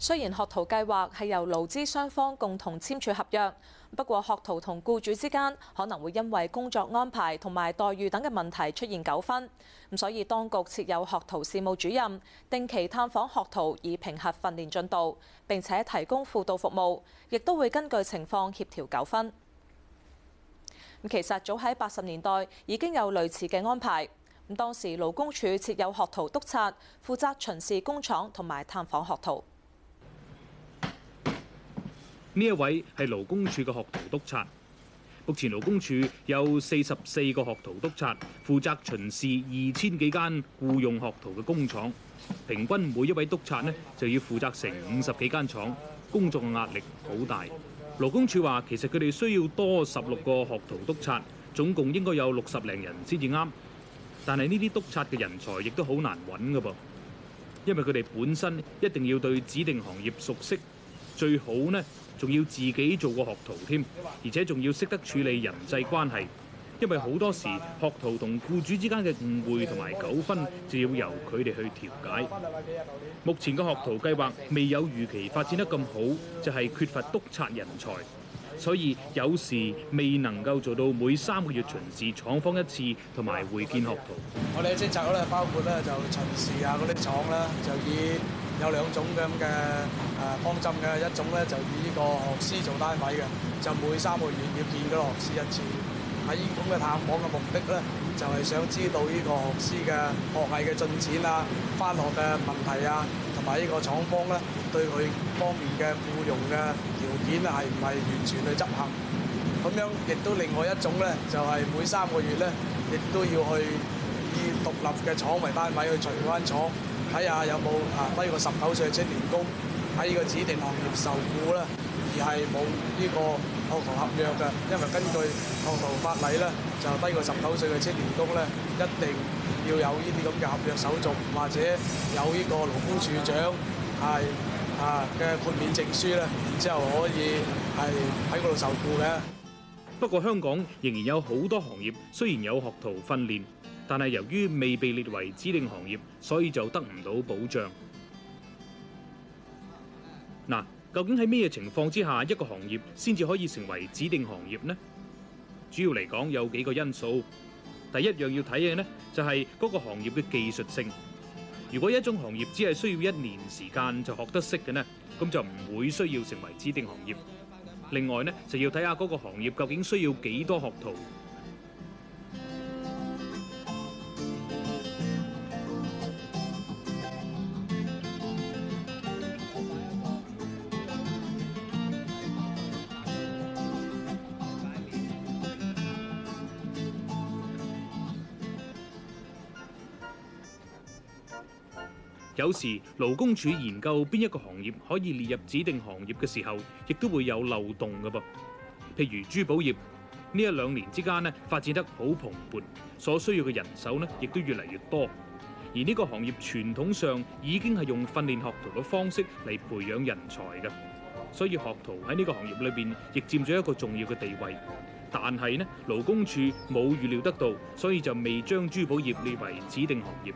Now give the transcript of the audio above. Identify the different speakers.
Speaker 1: 雖然學徒計劃係由勞資雙方共同簽署合約，不過學徒同僱主之間可能會因為工作安排同埋待遇等嘅問題出現糾紛，咁所以當局設有學徒事務主任定期探訪學徒，以評核訓練進度，並且提供輔導服務，亦都會根據情況協調糾紛。咁其實早喺八十年代已經有類似嘅安排，咁當時勞工處設有學徒督察，負責巡視工廠同埋探訪學徒。
Speaker 2: 呢一位係勞工處嘅學徒督察。目前勞工處有四十四個學徒督察，負責巡視二千幾間僱用學徒嘅工廠。平均每一位督察咧就要負責成五十幾間廠，工作嘅壓力好大。勞工處話，其實佢哋需要多十六個學徒督察，總共應該有六十零人先至啱。但係呢啲督察嘅人才亦都好難揾㗎噃，因為佢哋本身一定要對指定行業熟悉。最好咧，仲要自己做個學徒添，而且仲要識得處理人際關係，因為好多時學徒同僱主之間嘅誤會同埋糾紛，就要由佢哋去調解。目前嘅學徒計劃未有預期發展得咁好，就係缺乏督察人才，所以有時未能夠做到每三個月巡視廠方一次，同埋會見學徒。我哋
Speaker 3: 嘅職責咧，包括咧就巡視下嗰啲廠啦，就以。有兩種咁嘅誒方針嘅，一種咧就以呢個學師做單位嘅，就每三個月要見到個學師一次。喺呢咁嘅探訪嘅目的咧，就係想知道呢個學師嘅學藝嘅進展啊、返學嘅問題啊，同埋呢個廠方咧對佢方面嘅僱傭嘅條件係唔係完全去執行。咁樣亦都另外一種咧，就係每三個月咧，亦都要去以獨立嘅廠為單位去巡翻廠。睇下有冇啊，低過十九歲嘅青年工喺呢個指定行業受雇咧，而係冇呢個學徒合約嘅，因為根據學徒法例咧，就低過十九歲嘅青年工咧，一定要有呢啲咁嘅合約手續，或者有呢個勞工處長係啊嘅豁免證書咧，然之後可以係喺嗰度受雇嘅。
Speaker 2: 不過香港仍然有好多行業，雖然有學徒訓練。但係由於未被列為指定行業，所以就得唔到保障。嗱，究竟喺咩嘢情況之下一個行業先至可以成為指定行業呢？主要嚟講有幾個因素。第一樣要睇嘅呢，就係嗰個行業嘅技術性。如果一種行業只係需要一年時間就學得識嘅呢，咁就唔會需要成為指定行業。另外呢，就要睇下嗰個行業究竟需要幾多學徒。有時勞工處研究邊一個行業可以列入指定行業嘅時候，亦都會有漏洞㗎噃。譬如珠寶業呢一兩年之間呢，發展得好蓬勃，所需要嘅人手呢亦都越嚟越多。而呢個行業傳統上已經係用訓練學徒嘅方式嚟培養人才嘅，所以學徒喺呢個行業裏邊亦佔咗一個重要嘅地位。但係呢，勞工處冇預料得到，所以就未將珠寶業列為指定行業。